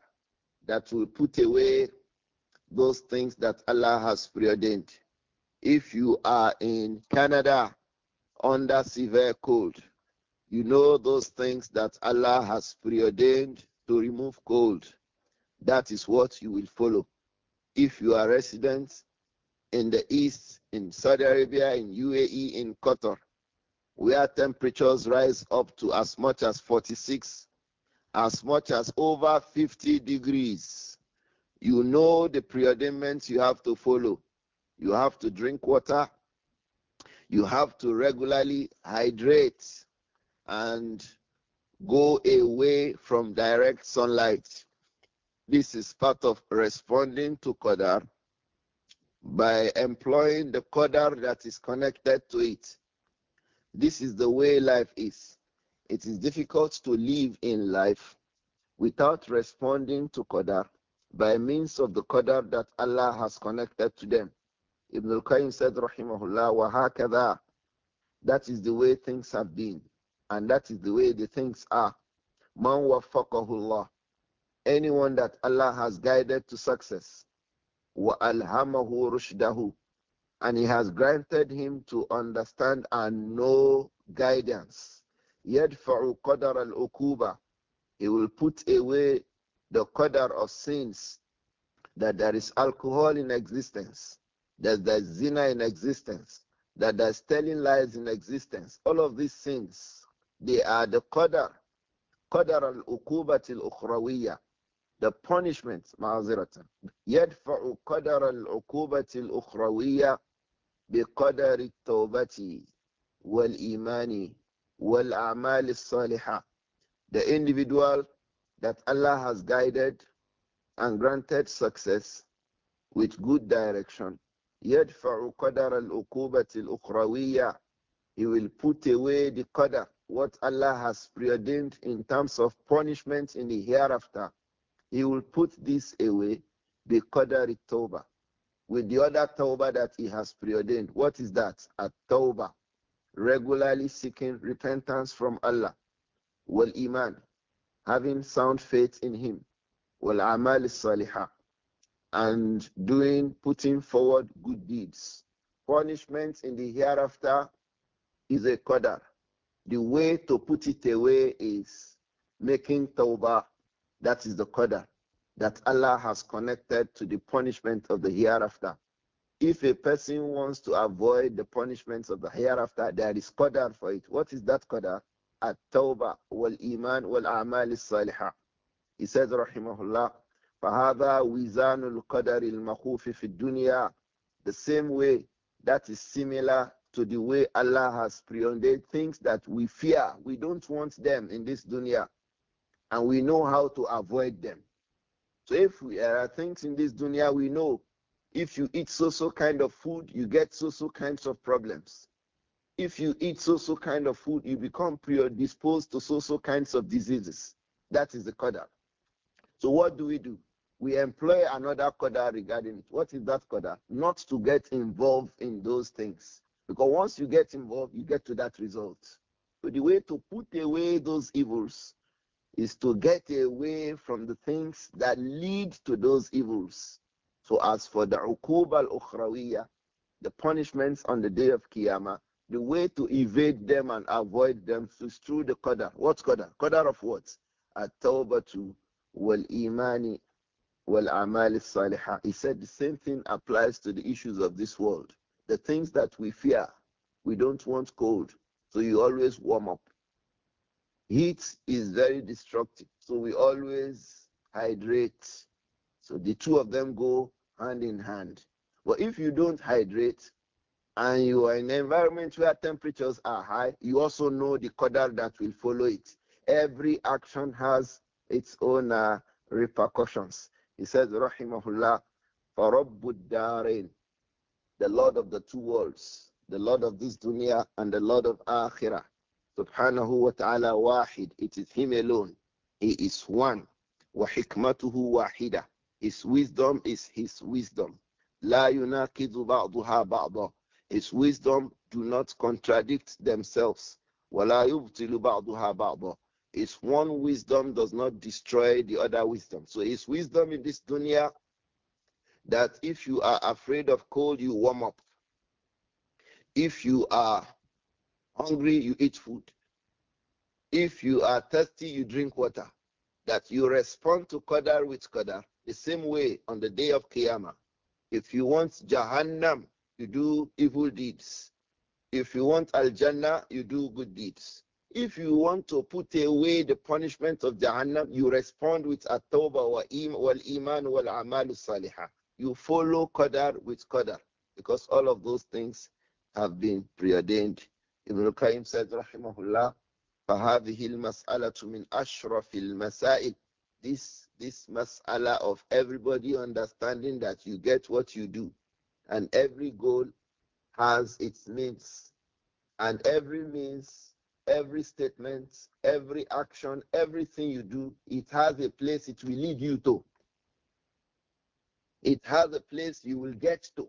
that will put away those things that Allah has preordained. If you are in Canada, under severe cold. You know those things that Allah has preordained to remove cold. That is what you will follow. If you are resident in the East, in Saudi Arabia, in UAE, in Qatar, where temperatures rise up to as much as 46, as much as over 50 degrees, you know the preordainment you have to follow. You have to drink water, you have to regularly hydrate and go away from direct sunlight. This is part of responding to Qadar by employing the Qadar that is connected to it. This is the way life is. It is difficult to live in life without responding to Qadar by means of the Qadar that Allah has connected to them. Ibn al-Qayyim said, rahimahullah, wa That is the way things have been. And that is the way the things are. Man Allah. Anyone that Allah has guided to success. Wa alhamahu rushdahu. And he has granted him to understand and know guidance. Yadfa'u qadar al-ukuba. He will put away the qadar of sins that there is alcohol in existence that there's zina in existence, that there's telling lies in existence. All of these things, they are the qadar, qadar al-ukubat al-ukhrawiyya, the punishment, ma'aziratan. يدفع قدر العقوبة الأخروية wal imani wal amal salihah, The individual that Allah has guided and granted success with good direction يدفع قدر العقوبة الأخروية He will put away the qadr, what Allah has preordained in terms of punishment in the hereafter. He will put this away the qadr tawbah, with the other tawbah that He has preordained. What is that? A tawbah, regularly seeking repentance from Allah. Wal iman, having sound faith in Him. Wal amal salihah, and doing, putting forward good deeds. Punishment in the hereafter is a qadar. The way to put it away is making tawbah. That is the qadar that Allah has connected to the punishment of the hereafter. If a person wants to avoid the punishments of the hereafter, there is qadar for it. What is that qadar? At-tawbah wal-iman wal-a'mal salihah He says, rahimahullah, فَهَذَا الْقَدَرِ الْمَخُوفِ فِي الدُّنْيَا The same way that is similar to the way Allah has preordained things that we fear. We don't want them in this dunya and we know how to avoid them. So if there are things in this dunya, we know if you eat so-so kind of food, you get so-so kinds of problems. If you eat so-so kind of food, you become predisposed to so-so kinds of diseases. That is the qadar. So what do we do? we employ another coda regarding it. What is that coda? Not to get involved in those things. Because once you get involved, you get to that result. So the way to put away those evils is to get away from the things that lead to those evils. So as for the uqub al the punishments on the day of Qiyamah, the way to evade them and avoid them is through the qadar. What's qadar? Qadar of what? At-tawbatu wal-imani وَالْأَعْمَالِ Salih, He said the same thing applies to the issues of this world. The things that we fear, we don't want cold, so you always warm up. Heat is very destructive, so we always hydrate. So the two of them go hand in hand. But if you don't hydrate and you are in an environment where temperatures are high, you also know the caudal that will follow it. Every action has its own uh, repercussions. He says, Rahimahullah, Darin, the Lord of the two worlds, the Lord of this dunya and the Lord of akhirah. Subhanahu wa ta'ala wahid. It is Him alone. He is one. Wa hikmatuhu wahida. His wisdom is His wisdom. La yunakidu ba'duha ba'da. His wisdom do not contradict themselves. Wa la yubtilu ba'duha ba'da. Is one wisdom does not destroy the other wisdom. So it's wisdom in this dunya that if you are afraid of cold, you warm up. If you are hungry, you eat food. If you are thirsty, you drink water. That you respond to Qadar with Qadar. The same way on the day of Qiyamah. If you want Jahannam, you do evil deeds. If you want Al Jannah, you do good deeds. If you want to put away the punishment of Jahannam, you respond with atobah wa im wal iman wal amal salihah. You follow qadar with qadar because all of those things have been preordained. Ibn al-Qayyim said, rahimahullah, فَهَذِهِ الْمَسْأَلَةُ مِنْ أَشْرَفِ الْمَسَائِلِ This, this mas'ala of everybody understanding that you get what you do and every goal has its means and every means every statement, every action, everything you do, it has a place it will lead you to. It has a place you will get to.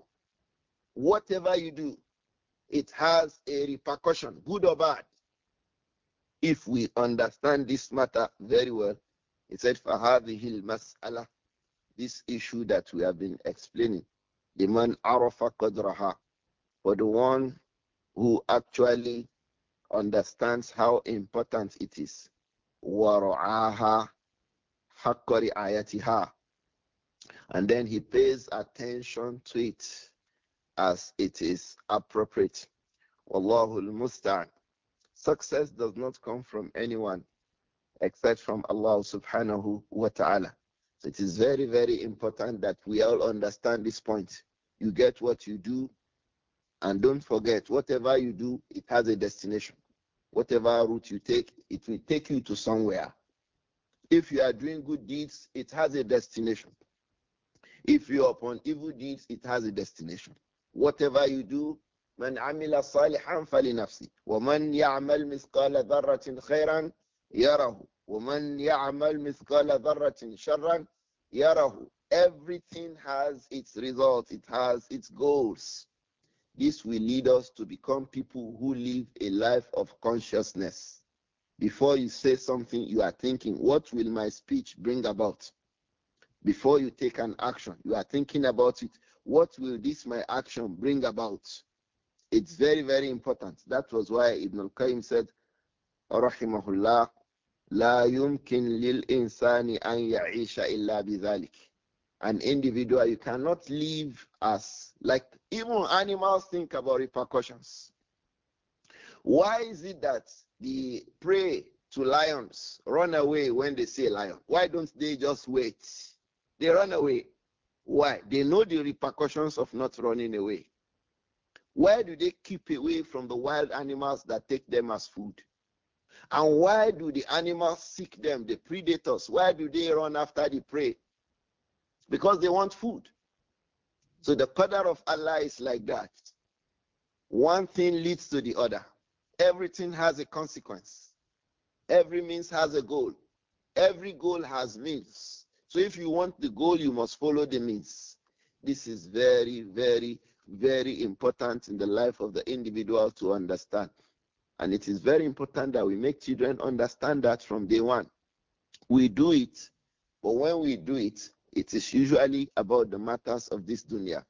Whatever you do, it has a repercussion, good or bad. If we understand this matter very well, he said, فَهَذِهِ الْمَسْأَلَةِ This issue that we have been explaining, the man arafa qadraha, for the one who actually understands how important it is. وَرَعَاهَا ayatiha, And then he pays attention to it as it is appropriate. Wallahu al-musta'an. Success does not come from anyone except from Allah subhanahu wa ta'ala. So it is very, very important that we all understand this point. You get what you do, and don't forget, whatever you do, it has a destination. Whatever route you take, it will take you to somewhere. If you are doing good deeds, it has a destination. If you are upon evil deeds, it has a destination. Whatever you do, من عمل صالحا فلنفسه ومن يعمل مثقال ذرة خيرا يره ومن يعمل مثقال ذرة شرا يره Everything has its results, it has its goals. This will lead us to become people who live a life of consciousness. Before you say something, you are thinking, what will my speech bring about? Before you take an action, you are thinking about it. What will this my action bring about? It's very, very important. That was why Ibn al-Qayyim said, rahimahullah, yumkin lil insani an يعيش illa بذلك. An individual, you cannot live as like even animals think about repercussions. Why is it that the prey to lions run away when they see a lion? Why don't they just wait? They run away. Why? They know the repercussions of not running away. Why do they keep away from the wild animals that take them as food? And why do the animals seek them, the predators? Why do they run after the prey? Because they want food. So the qadar of Allah is like that. One thing leads to the other. Everything has a consequence. Every means has a goal. Every goal has means. So if you want the goal, you must follow the means. This is very, very, very important in the life of the individual to understand. And it is very important that we make children understand that from day one. We do it, but when we do it, it is usually about the matters of this dunya.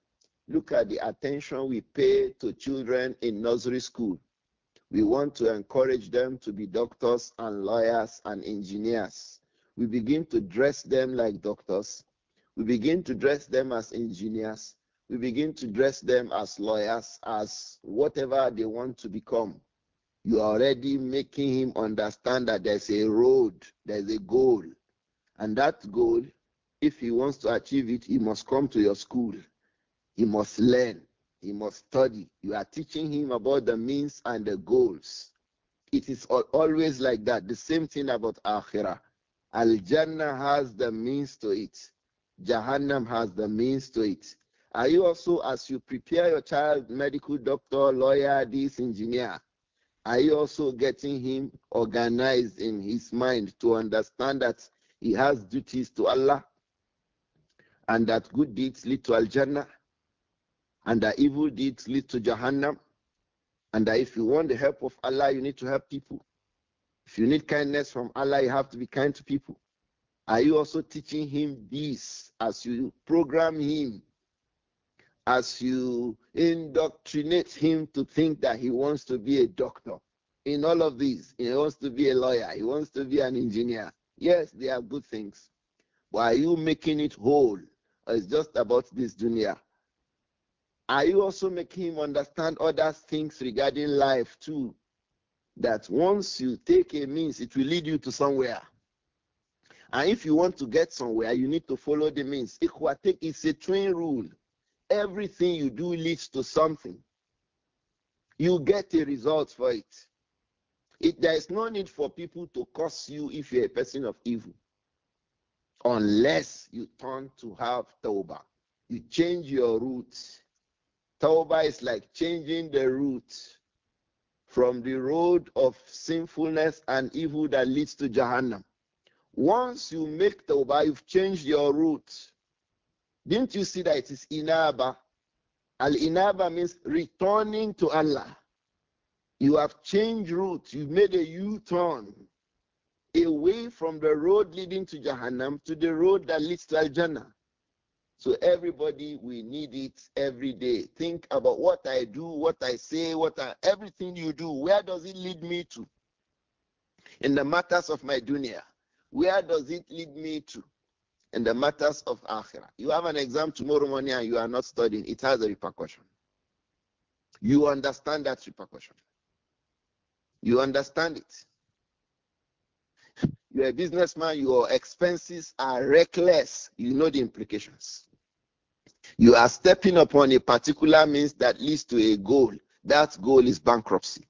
Look at the attention we pay to children in nursery school. We want to encourage them to be doctors and lawyers and engineers. We begin to dress them like doctors. We begin to dress them as engineers. We begin to dress them as lawyers, as whatever they want to become. You are already making him understand that there's a road, there's a goal. And that goal if he wants to achieve it, he must come to your school. He must learn. He must study. You are teaching him about the means and the goals. It is always like that. The same thing about Akhirah. Al Jannah has the means to it, Jahannam has the means to it. Are you also, as you prepare your child, medical doctor, lawyer, this engineer, are you also getting him organized in his mind to understand that he has duties to Allah and that good deeds lead to Al Jannah, and that evil deeds lead to Jahannam, and that if you want the help of Allah, you need to help people. If you need kindness from Allah, you have to be kind to people. Are you also teaching him this as you program him, as you indoctrinate him to think that he wants to be a doctor? In all of these, he wants to be a lawyer, he wants to be an engineer. Yes, they are good things. But are you making it whole? or uh, it's just about this dunya? Are you also making him understand other things regarding life too? That once you take a means, it will lead you to somewhere. And if you want to get somewhere, you need to follow the means. It's a twin rule. Everything you do leads to something. You get a result for it. it there is no need for people to curse you if you're a person of evil unless you turn to have tawbah. You change your route. Tawbah is like changing the route from the road of sinfulness and evil that leads to Jahannam. Once you make tawbah, you've changed your route. Didn't you see that it is inaba? Al inaba means returning to Allah. You have changed route. You've made a U turn away from the road leading to Jahannam to the road that leads to Al Jannah. So, everybody, we need it every day. Think about what I do, what I say, what I, everything you do, where does it lead me to? In the matters of my dunya, where does it lead me to? In the matters of akhirah. You have an exam tomorrow morning and you are not studying, it has a repercussion. You understand that repercussion. You understand it. You're a businessman, your expenses are reckless. You know the implications. You are stepping upon a particular means that leads to a goal. That goal is bankruptcy.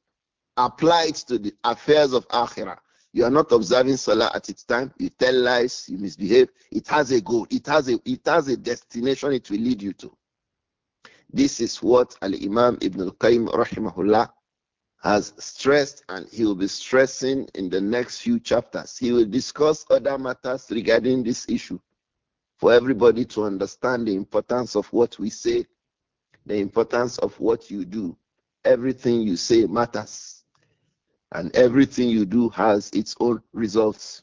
Applied to the affairs of Akhirah. You are not observing Salah at its time. You tell lies, you misbehave. It has a goal, it has a, it has a destination it will lead you to. This is what Al Imam Ibn Al Qayyim rahimahullah has stressed and he will be stressing in the next few chapters. He will discuss other matters regarding this issue for everybody to understand the importance of what we say, the importance of what you do. Everything you say matters, and everything you do has its own results.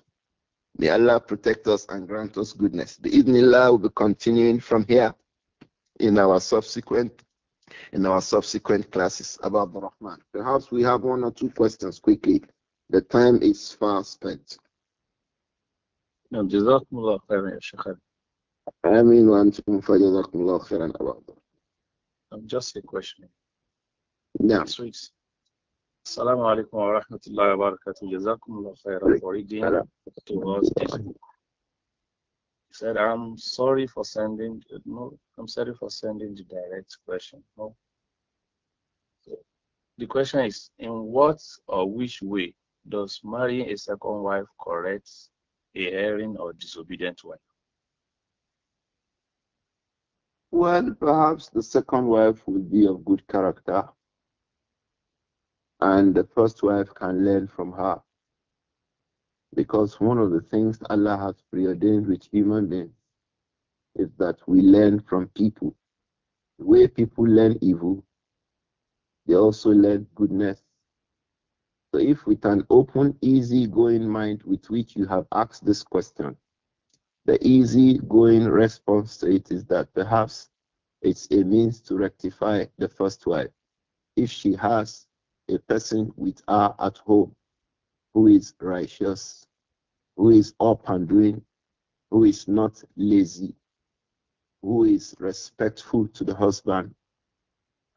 May Allah protect us and grant us goodness. The evening Allah will be continuing from here in our subsequent in our subsequent classes about the Rahman. Perhaps we have one or two questions quickly. The time is far spent. I mean, one to شيخ آمين وأنتم فجزاكم Just a question. نعم. Assalamu alaikum wa rahmatullahi wa barakatuh. Jazakumullah khairan for reading to us. He said, I'm sorry for sending, no, sorry for sending the direct question. No. So the question is, in what or which way does marrying a second wife correct a erring or disobedient wife? Well, perhaps the second wife will be of good character, and the first wife can learn from her. Because one of the things Allah has preordained with human beings is that we learn from people. The way people learn evil, they also learn goodness. So if with an open, easy-going mind with which you have asked this question, the easy-going response to it is that perhaps it's a means to rectify the first wife. If she has a person with her at home who is righteous, who is up and doing, who is not lazy, who is respectful to the husband,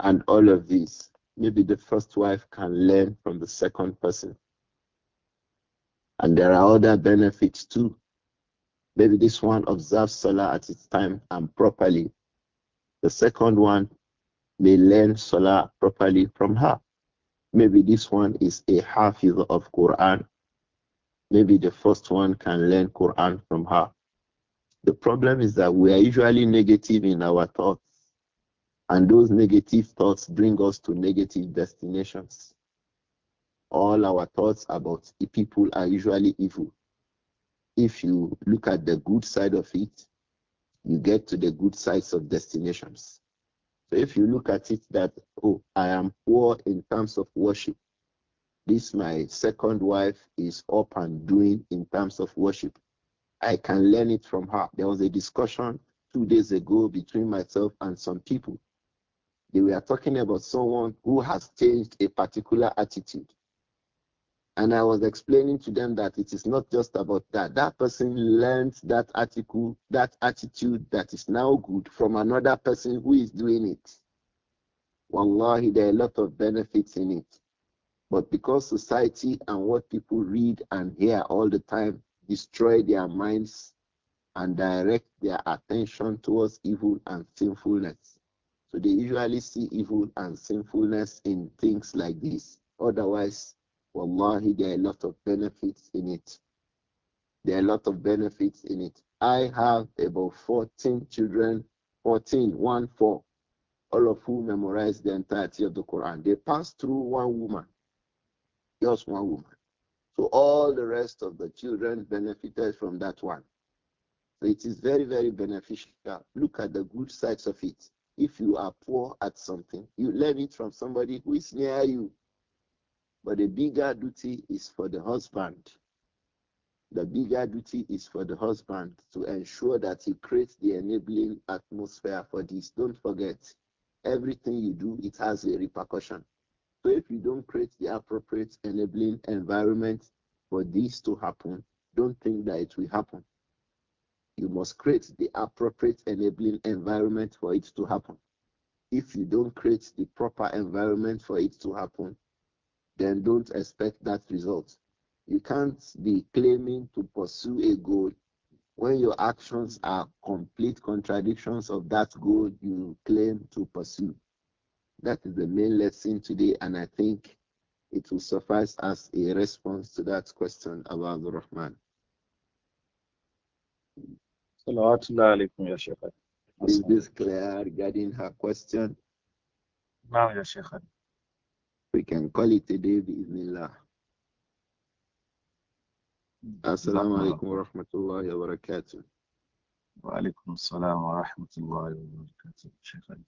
and all of these. Maybe the first wife can learn from the second person. And there are other benefits too. Maybe this one observes Salah at its time and properly. The second one may learn Salah properly from her. Maybe this one is a half-year of Quran. Maybe the first one can learn Quran from her. The problem is that we are usually negative in our thoughts, and those negative thoughts bring us to negative destinations. All our thoughts about people are usually evil. If you look at the good side of it, you get to the good sides of destinations. So if you look at it that, oh, I am poor in terms of worship, this my second wife is up and doing in terms of worship I can learn it from her. There was a discussion two days ago between myself and some people. They were talking about someone who has changed a particular attitude. And I was explaining to them that it is not just about that. That person learned that article, that attitude that is now good from another person who is doing it. Wallahi, there are a lot of benefits in it. But because society and what people read and hear all the time destroy their minds and direct their attention towards evil and sinfulness. So they usually see evil and sinfulness in things like this. Otherwise, wallahi, there are a lot of benefits in it. There are a lot of benefits in it. I have about 14 children, 14, one, four, all of whom memorized the entirety of the Quran. They passed through one woman, just one woman. So all the rest of the children benefited from that one. So it is very, very beneficial. Look at the good sides of it. If you are poor at something, you learn it from somebody who is near you. But the bigger duty is for the husband. The bigger duty is for the husband to ensure that he creates the enabling atmosphere for this. Don't forget, everything you do, it has a repercussion. So if you don't create the appropriate enabling environment for this to happen, don't think that it will happen. You must create the appropriate enabling environment for it to happen. If you don't create the proper environment for it to happen, then don't expect that result. You can't be claiming to pursue a goal when your actions are complete contradictions of that goal you claim to pursue. That is the main lesson today, and I think it will suffice as a response to that question about the Rahman. Is this clear regarding her question? Ya Sheikh. We can call it a day, bi'idhnillah. Assalamu alaikum wa rahmatullahi wa barakatuh. وعليكم السلام ورحمة الله